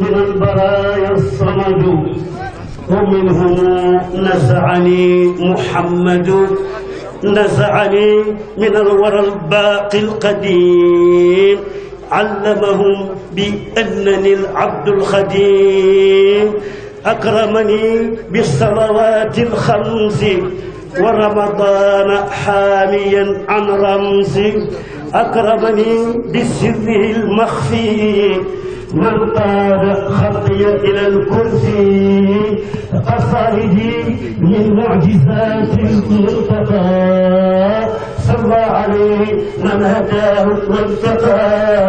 من البرايا الصمد ومنهم نزعني محمد نزعني من الورى الباقي القديم علمهم بأنني العبد الخديم أكرمني بالصلوات الخمس ورمضان حاميا عن رمسي أكرمني بسره المخفي من قاد خطي إلى الكرسي قصائد من معجزات الملتقى صلى عليه من هداه وانتقى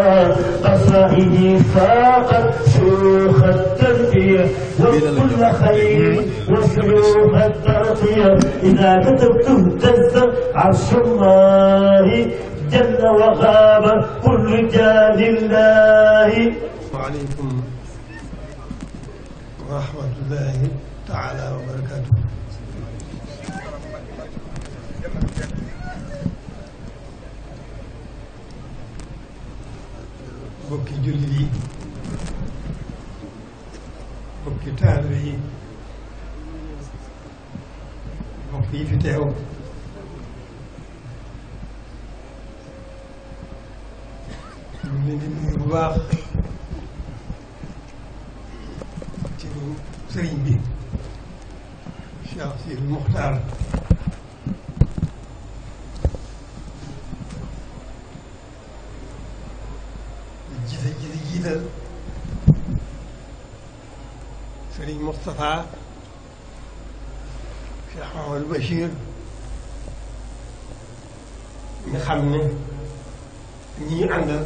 قصائدي فاقت شيوخ التنبيه وكل خير وسلوك التغطيه اذا كتبت اهتز عرش الله جل وغاب كل جاد الله asalaamaaleykum wa rahmatullahi taala wa barakaatu. mbokki jullit yi mbokki taalibe yi mbokk yi fi teew ñu ngi leen di nuyu bu baax. sëriñ bi Cheikh Sidi Muxtaar jiite jiite jiital sëriñ Moustapha Cheikh Mahamadou xam ne ñi ñu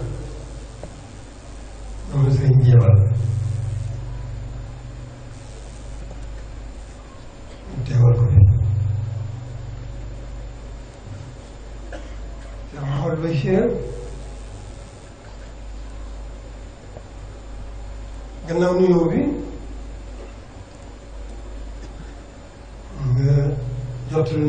gannaaw nuyoo bi nga jotul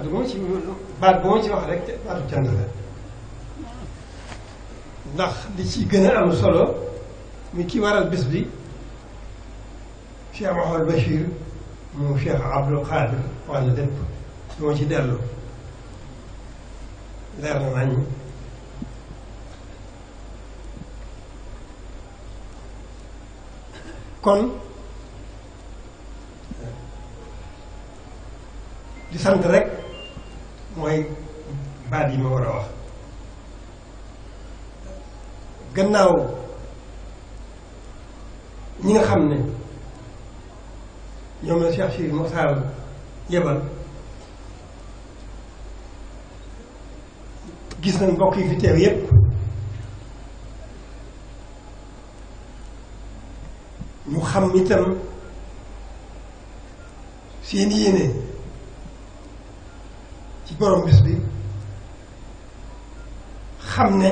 kàddu moom ci baat boo ci wax rek baatu cant la ndax li ci gën a am solo mi ki waral bés bi Cheikh Mouhamadou Bachir moom Cheikh Abdou Khadir wàllu lépp moo ci dellu leer na nañ kon di sant rek mooy baat yi ma war a wax gannaaw ñi nga xam ne ñoom la Cheikh Sidi Moxtaar yebal gis nañ mbokk yi fi teew yépp ñu xam itam seen yéene borom bis bi xam ne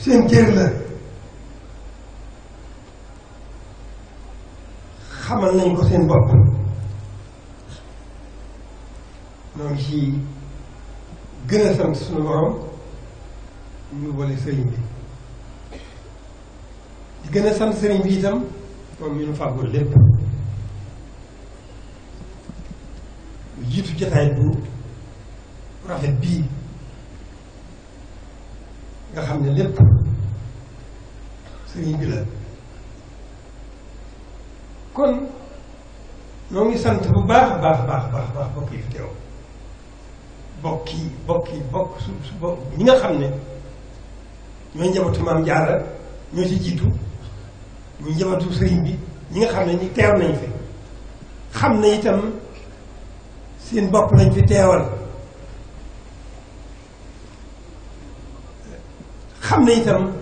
seen cër la xamal nañ ko seen bopp ñoo ngi ci gën a sant suñu borom ñu wale sëriñ bi di gën a sant sëriñ bi itam moom ñu nu fàggul lépp jiitu jotaay bu rafet bii nga xam ne lépp sëriñ bi la kon ñoo ngi sant bu baax baax baax baax baax bokk yi fi teew bokk yi bokk yi bokk su su bokk ñi nga xam ne ñooy njabootu maam jaara ñoo ci jiitu ñu njabootu sëriñ bi ñi nga xam ne ñi teew nañ fi xam na itam seen bopp lañ fi teewal xam ne itam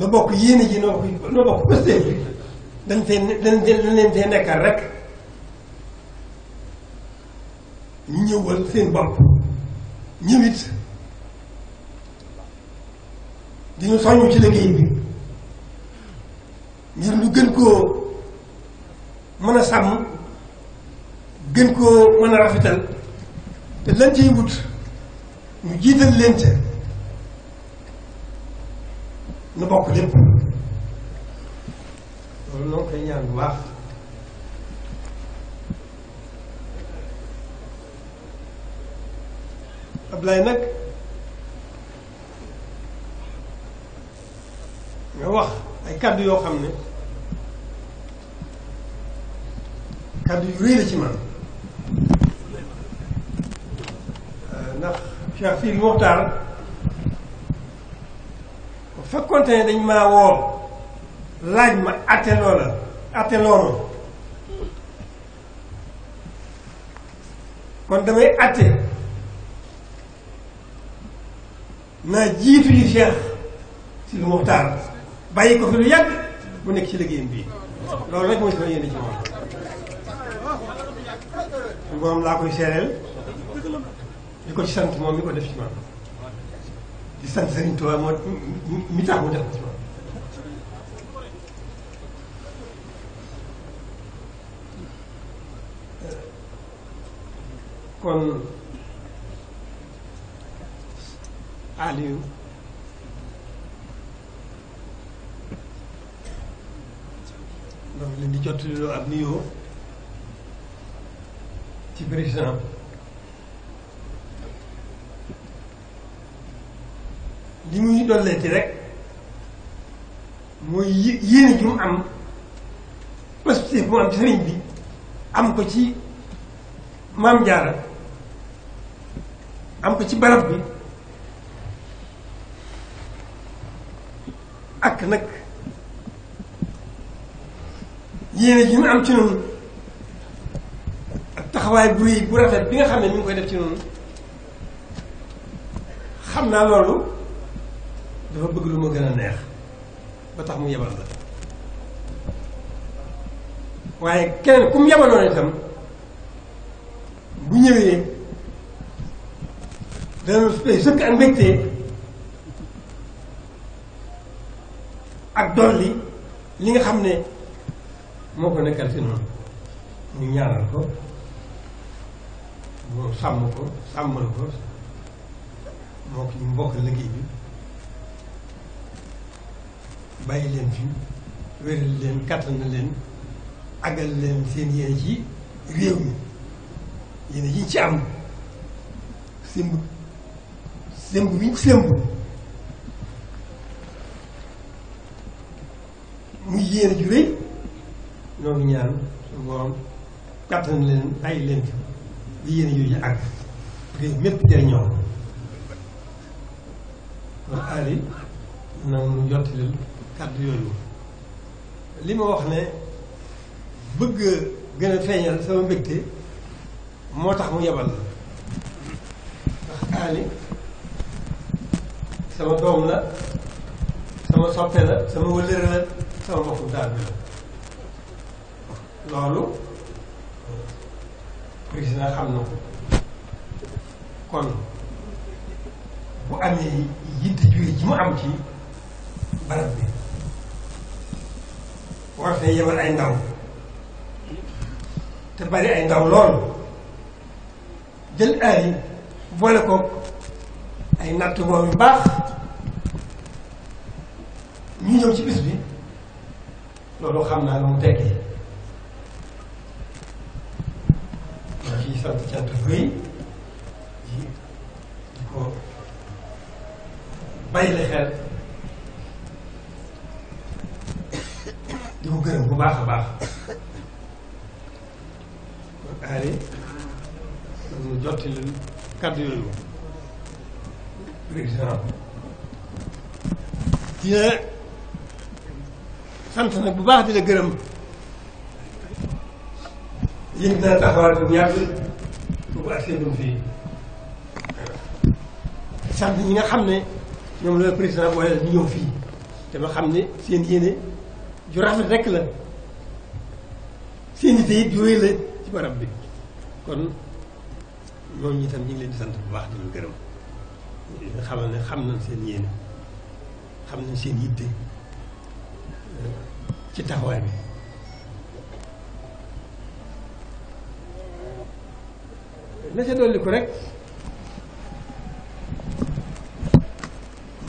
na bokk yéene ji noo noo bokk pëstee bi dañ fee dañ dañ nekkal rek ñëwal seen bopp ñëwit di ñu soññ ci liggéey bi ngir ñu gën koo mën a sàmm gën ko mën a rafetal te lan ciy wut ñu jiital leen ca nu bokk lépp loolu noonu koy ñaan bu baax Ablaye nag nga wax ay kàddu yoo xam ne kàddu yu rëy la ci man Cheikh Sidi bu fekkoonte dañ ma woo laaj ma atte loola atte loolu kon damay atte naa jiitu yi Cheikh Sidi bàyyi ko fi lu yàgg mu nekk ci liggéeyam bii loolu rek mooy sama yéene ci moom laa koy seereel li ko ci sant moom ko def ci man di sant Serigne Touba moo mi tax mu euh, kon Aliou donc leen di jot loo ab nuyoo ci président li mu ñu dolleeti rek mooy yi yéene ju mu am positif bu am ci sëriñ bi am ko ci maam jaara am ko ci barab bi ak nag yéene ji mu am ci noonu ak taxawaay bu rëy bu rafet bi nga xam ne ñu ngi koy def ci noonu xam naa loolu dafa bëgg lu ma gën a neex ba tax mu yebal la waaye keneen ku mu yebaloon itam bu ñëwee dana sëkk ak mbégte ak dolli li nga xam ne moo ko nekkal si noonu ñu ñaanal ko mu sàmm ko sàmmal ko moo ko ñu mbokk liggéey bi bàyyi leen fi wéral leen kattan na leen agal leen seen yéene ci réew mi yéene yi ci am sémb sémb bi ñu sémb muy yéene ju rëy ñoo ngi ñaan suñu borom leen bàyyi leen fi bi yéene jooju ak réew mépp jëriñoo kon Ali nag mu jottalil kàddu yooyu li ma wax ne bëgg gën a feeñal sama mbégte moo tax mu yebal la ndax aali sama doom la sama soppe la sama wëllëre la sama mbokku daal bi la loolu président xam na ko kon bu amee yitte juy ji mu am ci barab bi war fee yebal ay ndaw te bari ay ndaw lool jël aay boole ko ay natt moom yu baax ñu ñëw ci bis bi loolu xam naa lu mu tekkee maa ngi sant cant yi di ko bàyyi la xel di ko gërëm bu baax a baax kon aari mu jotti lu kàddu yooyu président dina sant na bu baax di la gërëm yëg naa taxawaay bu yàgg bu agsee bu fii sant ñi nga xam ne ñoom la président booyal ñu ñëw fii dama xam ne seen yéene ju rafet rek la seen nit ju wéy la ci barab bi kon ñoom ñi tam ñu ngi leen di sant bu baax di leen gërëm nga xamal ne xam nañ seen yéene xam nañ seen yitte eh, ci taxawaay bi la ca dolli ko rek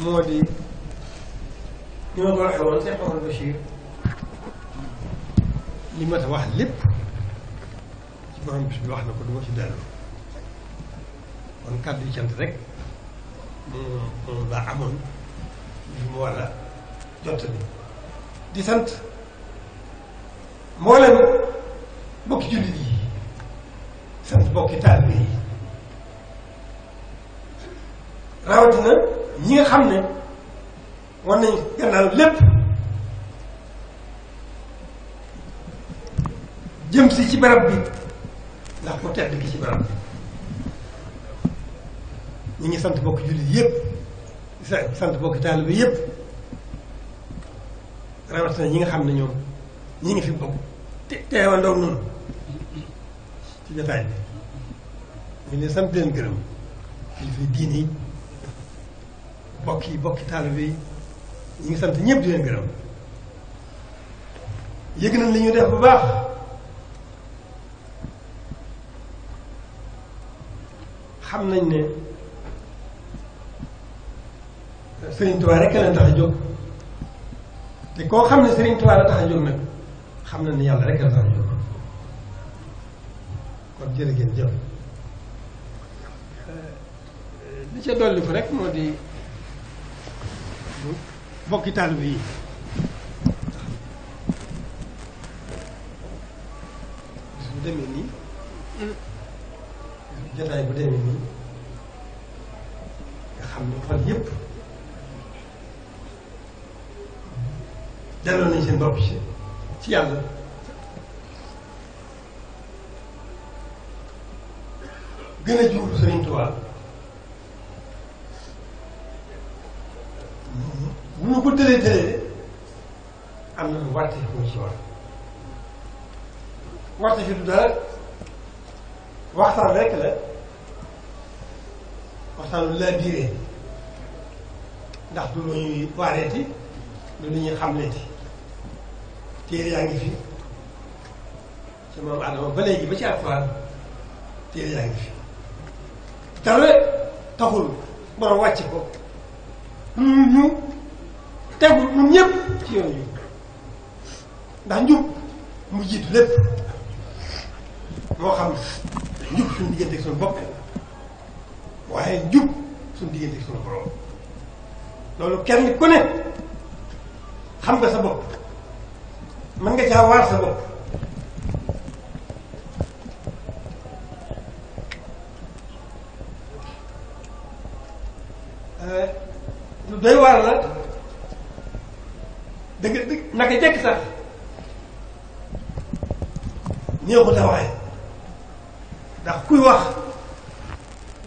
moo di ñoo ko waxee woon Cheikh Omar Bachir li ma ta wax lépp ci borom bis bi wax na ko duma ci dellu kon kàddu yi cant rek moom moom laa amoon yu mu war a jottali di sant mboolem bokki jullit yi sant bokki taalibe yi rawatina ñi nga xam ne war nañ gannaaw lépp jëm si ci barab bi ndax ku tedd ki ci barab bi ñu ngi sant bokk jullit yépp sant bokk bi yépp rawatina ñi nga xam ne ñoom ñu ngi fi bokk te teewandoo noonu ci jotaay bi ñu leen sant leen gërëm kilifa diine yi bokk yi bokki taalibe yi ñu ngi sant ñëpp di gërëm yëg nañ li def bu baax am nañ ne Serigne Touba rek leen tax a jóg te koo xam ne Serigne Touba tax a jóg nag xam nañ ne yàlla rek la tax a jóg kon jërë ngeen jëf li ca dolli fa rek moo di bokki taalibe yi su demee nii mm. jotaay bu demee nii nga xam ne xol yépp delloo nañ seen bopp ci ci yàlla gën a jublu Sëriñ Tuubaa bu ñu ko tëlee tëlee am na lu ci war wàtte fi du dara waxtaan rek la waxtaan la biiree ndax du lu ñuy waareeti du lu ñuy xamleeti téere yaa ngi fi ci moom Adama ba léegi ba ci alxuraan téere yaa ngi fi dara taxul borom wàcc ko ñun ñu tegu ñun ñëpp ci yoon yi ndax njub mu jiitu lépp moo xam suñu digganteeg suñu bopp waaye jub suñu digganteeg suñu borom loolu kenn ku ne xam nga sa bopp mën nga caa waar sa bopp euh, lu doy waar la dëgg dëgg naka jekk sax néew ko taxawaay ndax kuy wax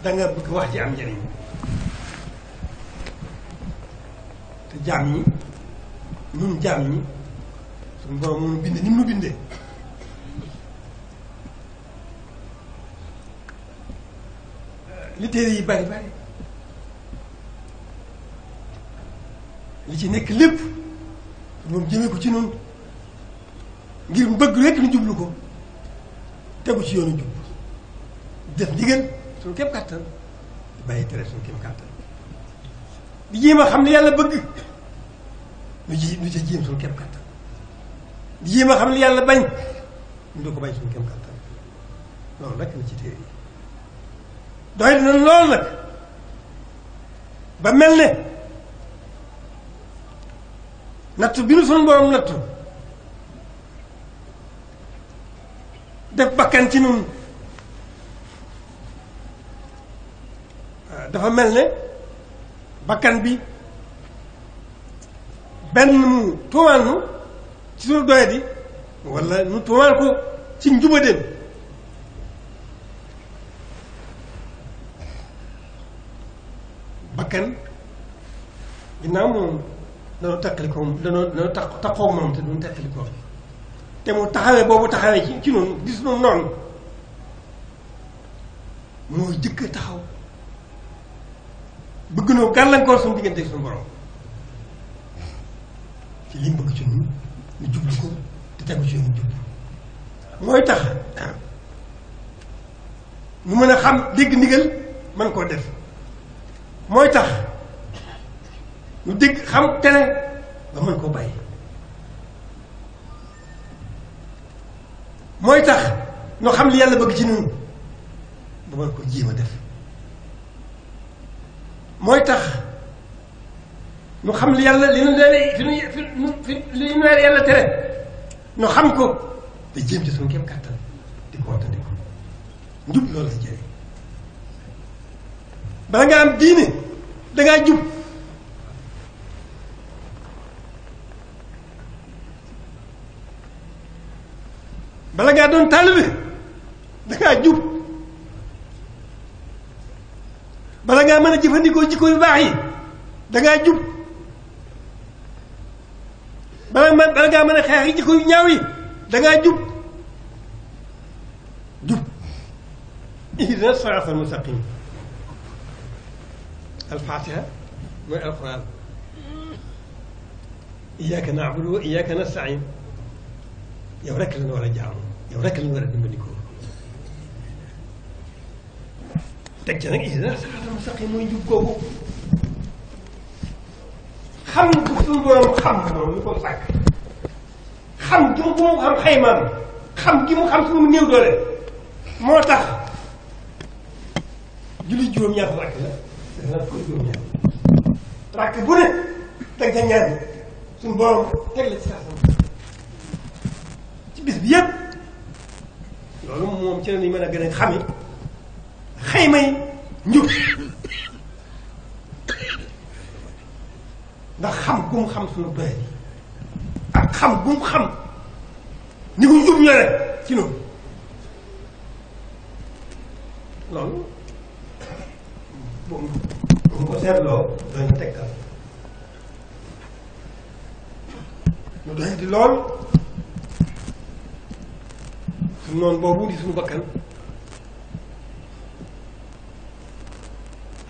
danga bëgg wax ji am njëriñ te jaam ñi ñun jaam ñi suñu borom moom binde ni mu bindee li yi bari bari li ci nekk lépp moom jëmee ko ci noonu ngir mu bëgg rekk ñu jublu ko tegu ci yoonu jub def li gën suñu képp kàttan di bàyyi tere suñu képp kàttan di jéem a xam ne yàlla bëgg nu ji nu ca jéem suñu képp kàttan di jéem a xam ne yàlla bañ ñu du ko bàyyi suñu képp kàttan loolu nag na ci téere yi doy na loolu nag ba mel ne nattu bi nu suñu borom nattu def bakkan ci nun dafa mel ne bakkan bi benn mu tuumaal nu ci suñu doyadi wala nu tuumaal ko ci njubadeem bakkan ginnaaw moom danoo taqalikoo danoo danoo taq taqoo moom te duñ taqalikoo te mu taxawee boobu taxawee ci ci noonu gis noonu noonu mooy jëkk taxaw bëgg noo gàllankoor suñu diggante suñu borom ci li mu bëgg ci ñun ñu jublu ko te tegu ci yoonu jublu mooy tax ñu mën a xam dégg ndigal mën koo def mooy tax ñu dégg xam tene ba mën koo bàyyi mooy tax ñu xam li yàlla bëgg ci ñun ba mën ko jéem a def mooy tax nu xam li yàlla li nu leer fi nu fi nu fi nu leer xam ko kàttan di ko wattandiku njub loolu la jëriñ bala nga am diine dangaa jub bala ngaa doon taalibe dangaa jub bala ngaa mën a jëfandikoo jikko yu baax yi dangaa jub bala ma bala ngaa mën a xeex jikko yu ñaaw yi dangaa jub jub ihdina siraatal mustaqiim alfaatiha mooy alquran iyaaka naabudu wa iyaaka nastain yow rekk la ñu war a jaamu yow rekk la ñu war a dimbandikoo teg ci nag ihdina siraatal mustaqiim mooy njub googu xam bu suñu borom xam moom lu ko sàkk xam gi mu mu xam xaymaam xam gi mu xam suñu néew doole moo tax julli juróom-ñaar rakk la def naa ko juróom-ñaar rakk bu ne ca ñaar suñu borom teg la ci saa ci bis bi yépp loolu moom ci la ñuy mën a gën a xame xaymay njub ndax xam gum xam suñu doy ak xam gum xam ni ko njub yore ci noonu loolu boobu bu ko seetloo doy na tegtal ñu doy di lool suñu noonu boobu di suñu bakkan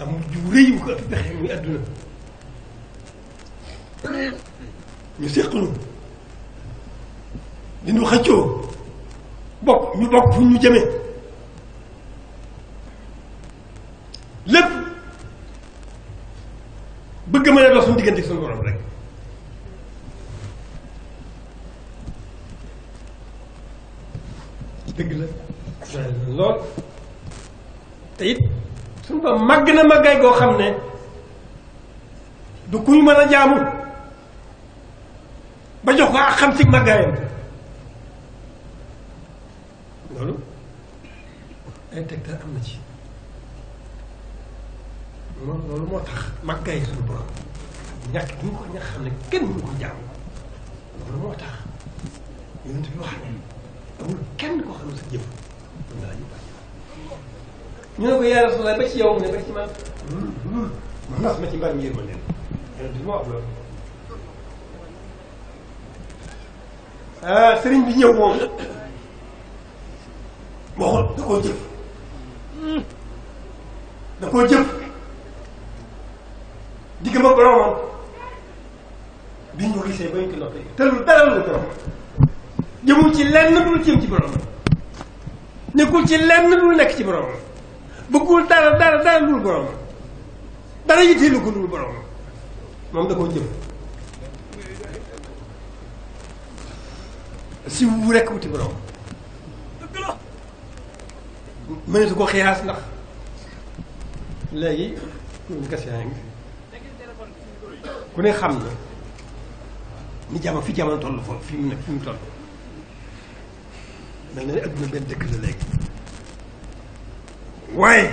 amul jiw rëy bu ko ëpp pexe muy àdduna ñu séqlu dinu xëccoo bokk ñu bokk fu ñu jëmee lépp bëgg mën a dox suñu diggante suñu borom rek dëgg la lool te it suñu borom màgg na màggaay goo xam ne du kuñ mën a jaamu ba jox ko ak xam ci màggaayam loolu ay tegtal loolu moo tax màggaay suñu borom ñàkk gi ñu ko ñàkk xam ne kenn mënu ko jaamu loolu moo tax yonent bi wax ne amul kenn koo xam ne sa jëf mën nga la ñu ñu ne ko yaa Rasulullah ba ci yow mu ne ba ci man hmm, hmm. ndax ma ci mbar mi yërma leen yéen du ma wax loolu ah sëriñ bi ñëw moom waxul da koo jëf da koo jëf digg ma boromam bi ñu gisee ba ñu ci noppee te lu dara lu borom jëmul ci lenn dul jëm ci borom nekkul ci lenn dul nekk ci borom bëggul dara dara dara lul borom dara yitteelu ko lul borom moom da koo jëm si wu rekk wuti borom mënetu ko xiyaas ndax léegi ku ne xam na ni jamono fi jamono toll foofu fi mu ne fi mu toll mel na ne adduna benn dëkk la léegi waaye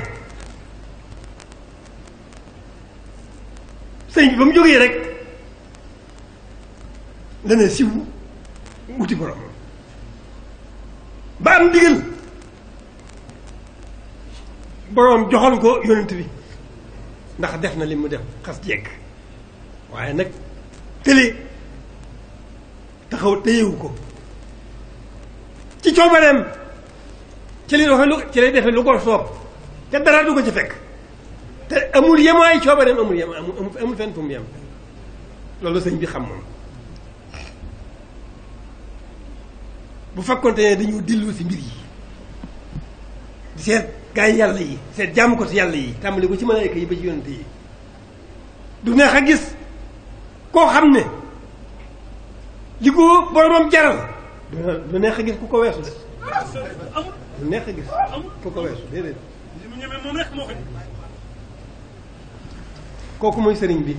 sëñ bi ba mu jógee rek dana siw wuti borom ba am ndigal borom joxal ko yonent bi ndax def na li mu def xas jekk waaye nag tële te téyewu ko ci coobareem ci lay doxe lu ci lay defe lu ko soob te dara du ko ci fekk te amul yemaay coobareem amul yem amul fenn fu mu yem loolu sëñ bi xam moom bu fekkonte ne dañu dillu si mbir yi di seet gaa yàlla yi seet jàmm ko si yàlla yi tàmbali ko ci malaayka yi ba ci yonante yi du neex a gis koo xam ne li ko boromam jaral du neex a gis ku ko weesu de du neex a gis ku ko weesu bu kooku mooy sëriñ bi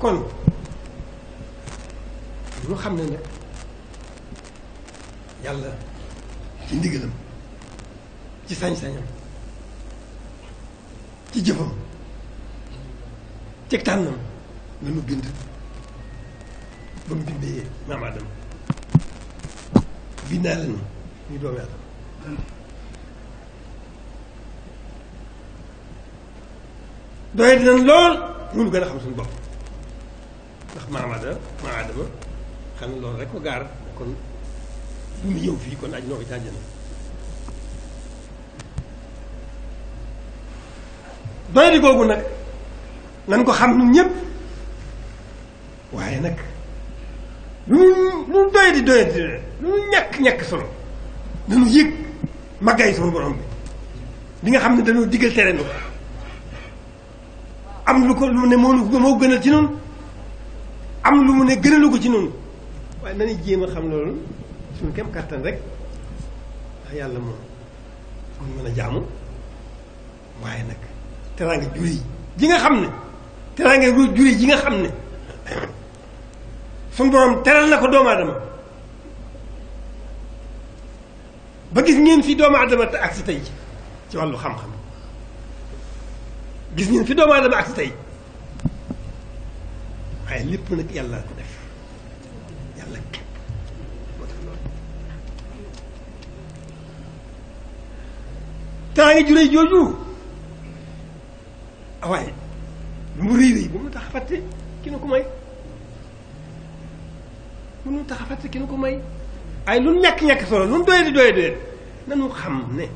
kon lu xam ne nag yàlla ci ndigalam ci sañ ci jëfam ci tànnam la nu ba mu bindee maam Adama bindaa ñu ñu doomi Adama doy lool ñun gën a xam suñu bopp ndax maam Adama xam ne loolu rek ko gaar kon du ñu fii kon aj noo ko ca àjjana doy di googu nag nan ko xam ñun ñëpp waaye nag lu doy di doy di lu ñàkk ñàkk solo dañu yëg màggaay sama borom bi li nga xam ne dañoo digal tere nu ko am lu ko lu ne moo moo gënal ci noonu am lu mu ne gënalu ko ci noonu waaye nañu jéem a xam loolu suñu kem kàttan rek yàlla moom mu mën a jaamu waaye nag teraanga jur yi ji nga xam ne teraanga jur yi ji nga xam ne suñu borom teral na ko doomu aadama ba gis ngeen fi doomu aadama te ak si tey ci wàllu xam-xam gis ngeen fi doomu aadama ak si tey waaye lépp nag yàlla ko def yàlla képp ngi juree jooju waaye lu mu rëy rëy bu mu tax fàtte nañu tax a fàtte ki nu ko may ay lu ñàkk ñàkk solo lu doye di doye doye nañu xam ne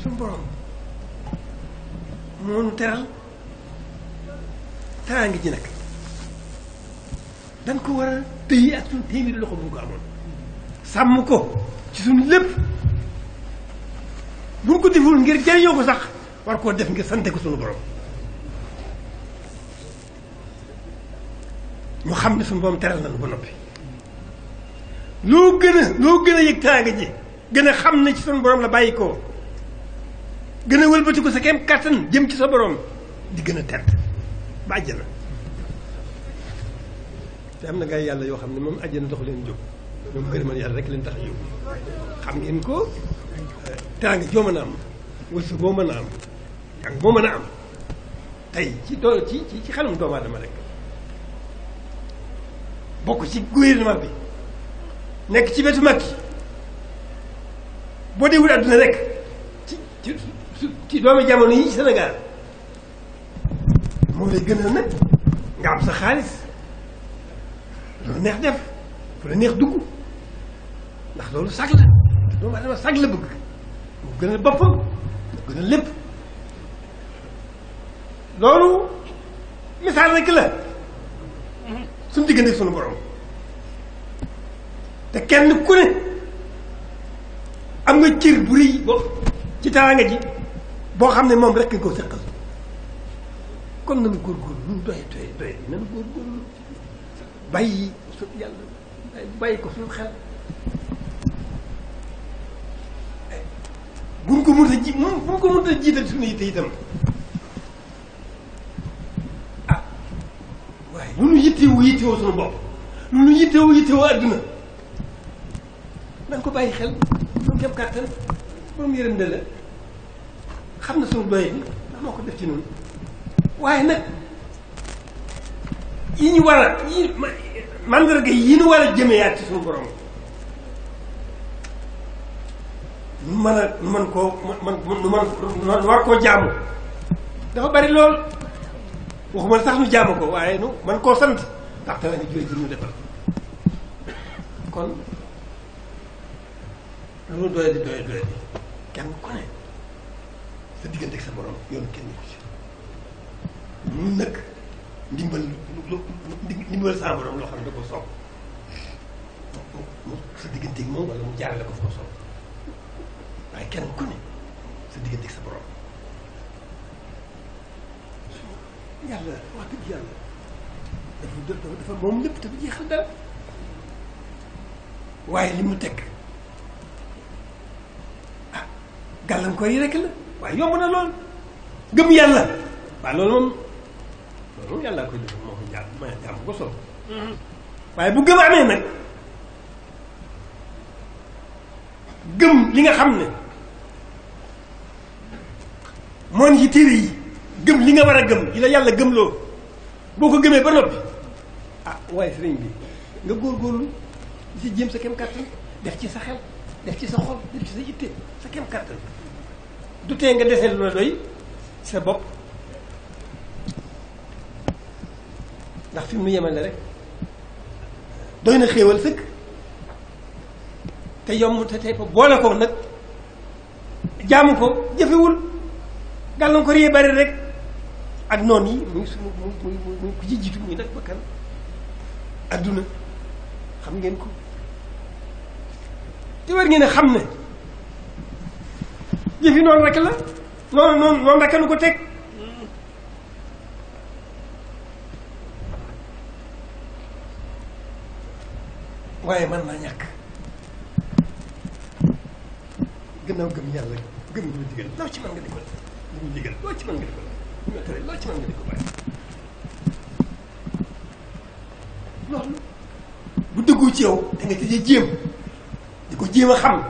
suñu borom moo nu teral teraangi ji nag dañ ko war a téye ak suñu téeméeri loxo bu ko amoon sàmm ko ci suñu lépp bu ko deful ngir jëriñoo ko sax war koo def ngir sante ko suñu borom mu xam ne suñu borom teral na lu ba noppi loo gën a loo gën a yëg teraanga ji gën a xam ne ci suñu borom la bàyyi ko gën a wëlbati ko sa kem kàttan jëm ci sa borom di gën a tedd ba àjjana te am na gaa yàlla yoo xam ne moom àjjana dox leen jóg ñoom ngërëmal yàlla rek leen tax a xam ngeen ko teraanga joo mën a am wërsëg boo mën a am ak boo mën a am tey ci dool ci ci xelum doomu aadama rek bokk ci gouvernement bi nekk ci wetu mag yi boo dee wut àdduna rek ci ci ci doomi jamono yi ci Sénégal moo lay gënal nag nga am sa xaalis loolu neex def fu la ndax loolu sag la doomu adama sag la bëgg mu gënal boppam mu gënal lépp loolu misaal rek la suñu diggante ak suñu borom te kenn ku ne am nga cër bu rëy bo ci teraanga ji boo xam ne moom rek nga ko seqal kon nanu góorgóorlu lu doy doy doy nanu góorgóorlu bàyyi su yàlla bàyyi ko suñu xel buñ ko mënut a ji buñ ko mënut a jiital suñu yitte itam waaye lu nu yittewu yittewoo suñu bopp lu nu yittewu yittewoo adduna nañ ko bàyyi xel suñu kem kàttan moom ko def ci noonu waaye nag yi ñu war a yi mandarga yi ñu war a ci suñu borom nu a nu mën koo mën mën nu war koo jaamu dafa bari lool waxuma sax nu jaamu ko waaye nu man koo sant ndax tawee ni jooy ji ñu defal kon lu nu doye di doye doye di kenn ku ne sa diggante ak sa borom yoon kenn ko ci ñun nag ndimbal lu ndimbal sa borom loo xam ne da ko soob mu sa diggante ak moom wala mu jaarale ko foo soob waaye kenn ku ne sa diggante ak sa borom yàlla wax dëgg yàlla dafa moom lépp dafa jeexal dara waaye li mu teg ah gàllankoor yi rek la waaye yomb na lool gëm yàlla waaw loolu moom moom yàlla koy defal moo ko jàpp ma jàpp ko mm-hmm. waaye bu gëm amee nag gëm li nga xam ne moon yi téere yi gëm li nga war a gëm yi la yàlla gëmloo boo ko gëmee ba noppi ah waaye sëriñ bi nga góorgóorlu di si jëm sa kem kàttan def ci sa xel def ci sa xol def ci sa yitte sa kem kàttan du tee nga desee lu la doy sa bopp ndax fi mu yemal la rek doy na xéewal sëkk te yomb te tey ko boole ko nag jaamu ko jëfewul gàllankoor yi bari rek ak noon yi muy sunu muy muy muy ku ci jiitu muy nag bakkan adduna xam ngeen ko te war ngeen xam ne yëf noonu rek la noonu noonu ko teg waaye mën naa ñàkk gannaaw gëm yàlla gëm ñu digal loo ci mën nga di ko def lu ñu digal loo ci mën nga di ko def mais tey ci mën bu dëggoo ci yow da nga tëjee jéem di ko jéem a xam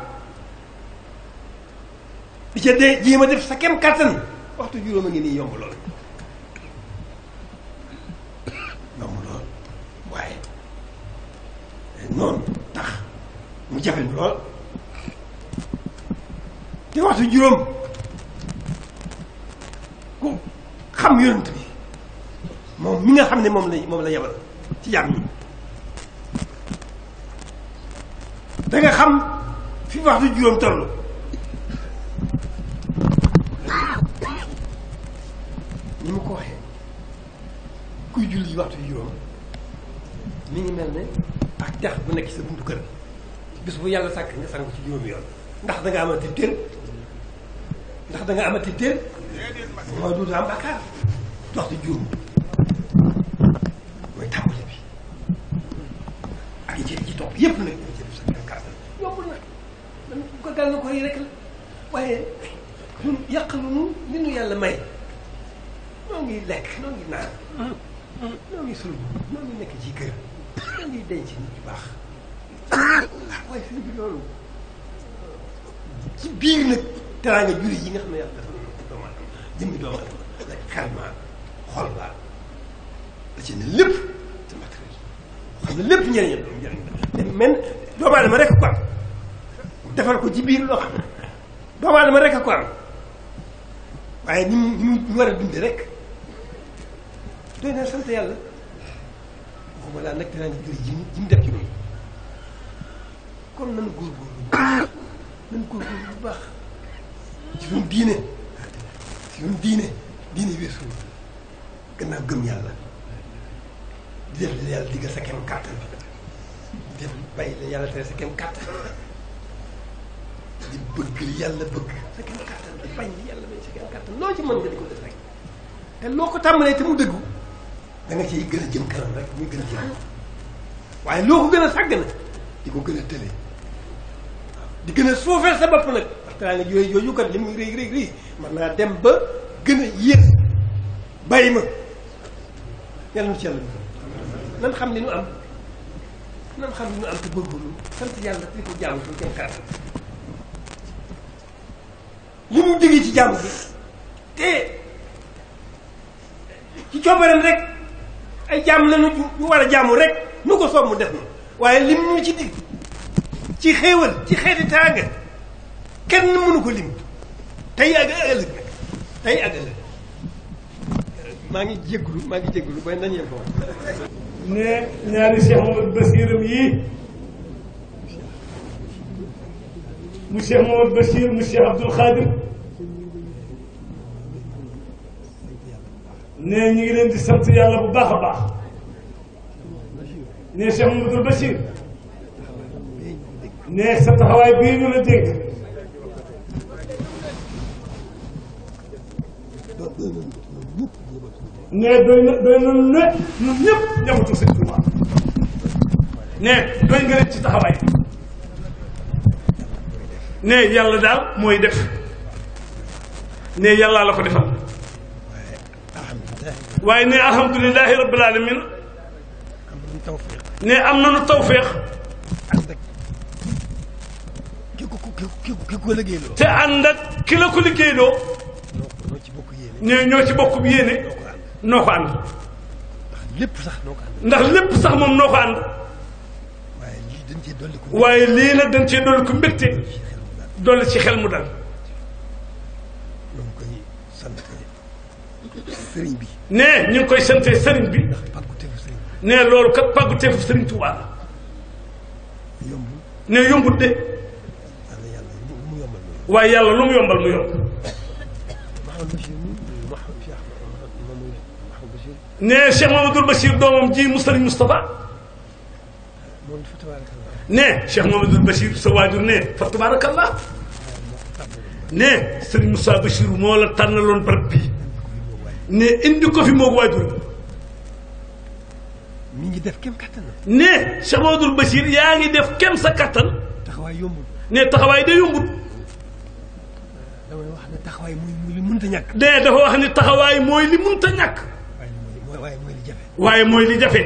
di ca dee jéem a def sa kem kàttan waxtu juróom a ngi nii yomb lool yomb lool waaye noonu tax mu jafe lool te waxtu juróom moom mi nga xam ne moom la moom la yebal ci jaam ñi da xam fi waxtu juróom toll ni mu ko waxee kuy julli waxtu juróom mi ngi mel ne ak dex bu nekk ci sa buntu kër bis bu yàlla sàkk nga sangu ci juróomi yoon ndax da nga amati tér ndax da nga amati tér mooy duutu am bàkkaar waxtu juróom mooy tàmbali bi ak njëriñ ci topp yépp nag ñu jël sa kàttan yombul nag dañ ko gàllankoor yi la waaye ñun yàqal nu li nu yàlla may noo ngi lekk noo ngi naan noo ngi sulb noo ngi kër noo denc nit ñu baax waaye bi loolu ci biir nag teraanga juri yi nga xam ne yàlla dafa doomu aadama jëmmi doomu aadama la calme xol la la ci ne lépp ci matériel xam ne lépp njëriñam njëriñ la men ko am defal ko ci biir loo xam ne doomu aadama rek ko am waaye ni mu mu war a dundee rek doy laa nag dinaa jëri ci kon nan góorgóorlu nan góorgóorlu bu baax ci suñu diine ci suñu diine diine weesu gën naa gëm yàlla di def li yàlla digal sa kem kàttan di def bàyyi la yàlla tere sa kem kàttan di bëgg li yàlla bëgg sa kem kàttan di bañ li yàlla bañ sa kem kàttan loo ci mën nga di ko tàmbalee te mu dëggu da ciy gën a jëm kanam gën a na di ko gën a tële di gën a suufee sa bopp nag parce que daa nga jooy jooju kat li muy rëy rëy rëy mën naa dem ba gën a yées bàyyi ma yàlla na ci yàlla bu nan xam li ñu am nan xam li ñu am te góorgóorlu sant yàlla te ko jaamu ko kenn xaaral li ci jaamu bi te ci coobareem rek ay jaam na ñu war a jaamu rek nu ko soob mu def na waaye lim ñu ci dig ci xéewal ci xeeti tànga kenn mënu ko lim tey ak ëllëg tey ak ëllëg maa ngi jégalu maa ngi jégalu bay nañu ne ñaari Cheikh Mamadou Bassiram yii mu Cheikh Mamadou Bassir mu Cheikh Abdoul Khadir ne ñu ngi leen di sant yàlla bu baax a baax ne Cheikh Mamadou Bassir ne sa taxawaay bii ñu la dégg. ne doy na doy na ne ñun ne doy nga leen ci taxawaay ne yàlla daal mooy def ne yàllaa la ko defal waaye ne alhamdulilahi rabbil alamin ne am nañu tawféex te ànd ak ki la ko liggéeyloo ne ñoo ci bokk bi noo ndax lépp sax noo ko ànd. ndax lépp sax moom noo ko ànd. waaye lii dañ cee dolli ko. waaye lii nag dañ cee dolli ko mbégte dolli ci xel mu dal. ñoo koy nee ñu koy sante sëriñ bi. ndax pàgguteefu sëriñ bi. nee loolu kat pàgguteefu sëriñ Tuubaa nee yombul de. waaye yàlla lu mu yombal mu yomb. ne Cheikh Mamadou Bachir doomam ji mu sëriñ Moustapha ne Cheikh Mamadou Bachir sa moo la tànnaloon barab bii ne indi ko fi waajur mi ngi def kem kattanam ne Cheikh Mamadou Bachir yaa ngi def kem sa kattan taxawaay yombul ne taxawaay day yombul damay wax ne taxawaay mooy li mënta ñàkk ne dafa wax ne taxawaay mooy li mënta ñàkk waaye mooy li jafe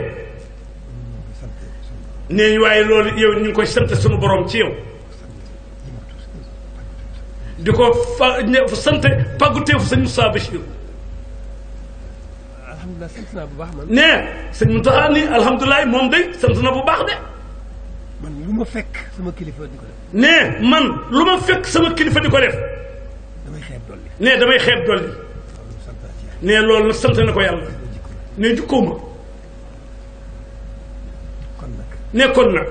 nee waaye loolu yow ñu koy sant sunu boroom ci yow di ko fa sant pàgguteefu sëñ Moussa Bachir ne sëñ a ni alhamdulilah moom de sant na bu baax de. man ma ne man lu ma fekk sama kilifa di ko def. damay xeeb ne damay xeeb dolli. ne loolu nag sant na ko yàlla. ne jukkoo ma nekkoon nag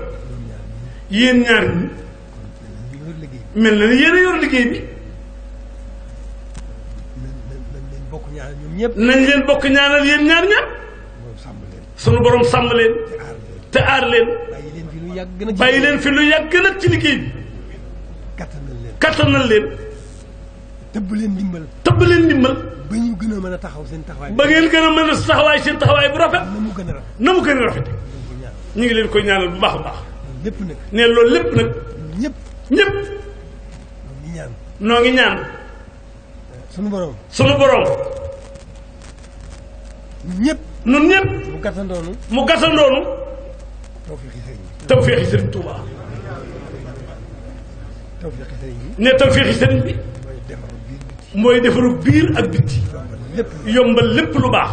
yéen ñaar ñi mel na ni yéen a yor liggéey bi nañ leen bokk ñaanal yéen ñaar ñaar sunu borom sàmm leen te aar leen bàyyi leen fi lu yàgg nag ci liggéey bi kattanal leen tëbb leen ndimbal tëbb leen ndimbal ba ñu gën mën a taxaw seen taxawaay. a mën a taxawaay seen taxawaay bu rafet. na mu rafet na mu rafet. ñu ngi leen koy ñaanal bu baax a lépp nag ne loolu lépp nag. ñëpp ñëpp. ngi ñaan noo ngi ñaan. sunu mu gàttandoonu. mu gàttandoonu. tawféexi tawféexi sëriñ Tuubaa. tawféexi sëriñ bi ne tawféexi sëriñ bi. mooy defaru biir ak bitti yombal lépp lu baax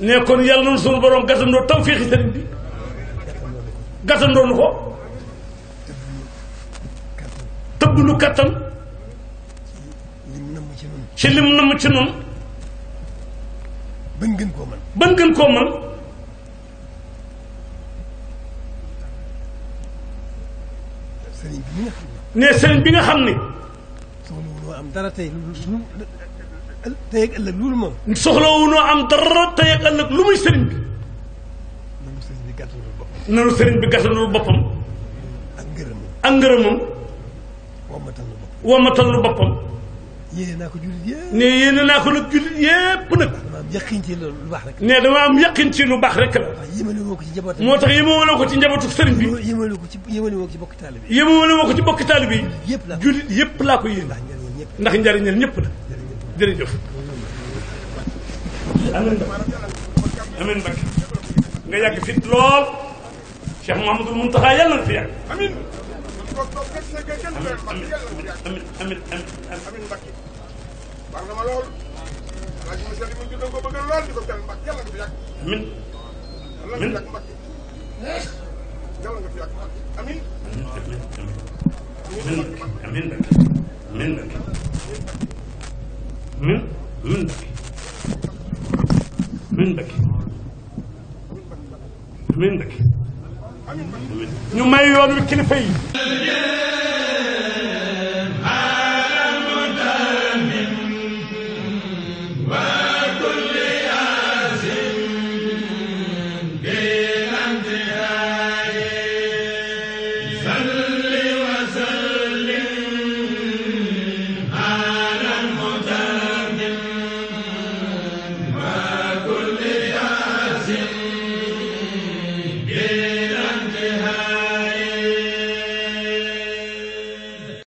ne kon yàlla na suñu borom gàttandoo tawféexi sëriñ bi gàttandoo nu ko tëbb nu kattan ci lim namm ci noonu ban gën koo mën ban gën koo mën ne sëriñ bi nga xam ne. soxlawuloo am dara tey lu tey ak ëllëg lu moom. soxlawuloo am dara tey ak ëllëg lu muy sëriñ bi. nanu sëriñ bi gàttanul boppam. nanu sëriñ bi gàttanul boppam. ak ngërëmam. ak ngërëmam. yéene naa ko jullit yëpp ne yéene naa dama am yaqin ci lu baax rek. ne dama am yaqin ci lu baax rek la. waaw ko ci njabootam. moo tax yemewoo ko ci njabootu sëriñ bi. yemewoo ko ci yemewoo ko ci bokki taalibe bi. yemewoo ko ci bokki taalibe bi. yëpp laa ko jullit yëpp laa ko yéene. ndax njariñal ñëpp la. jërëjëf amiin amiin Mbacke nga yàgg fit lool Cheikh Mouhamadul Mountakha yàlla amiin amiin amiin amiin Mbacke baax na ma lool alaaj mu sell mu juddoo ko bëgg lool di ko teel Mbacke yàlla nga fi yàgg amiin yàlla nga fi yàgg Mbacke yàlla nga fi yàgg Mbacke amiin amiin amiin Mbacke amiin Mbacke amiin amiin Mbacke amiin Mbacke amiin Mbacke ñu may yoon wi kilifa yi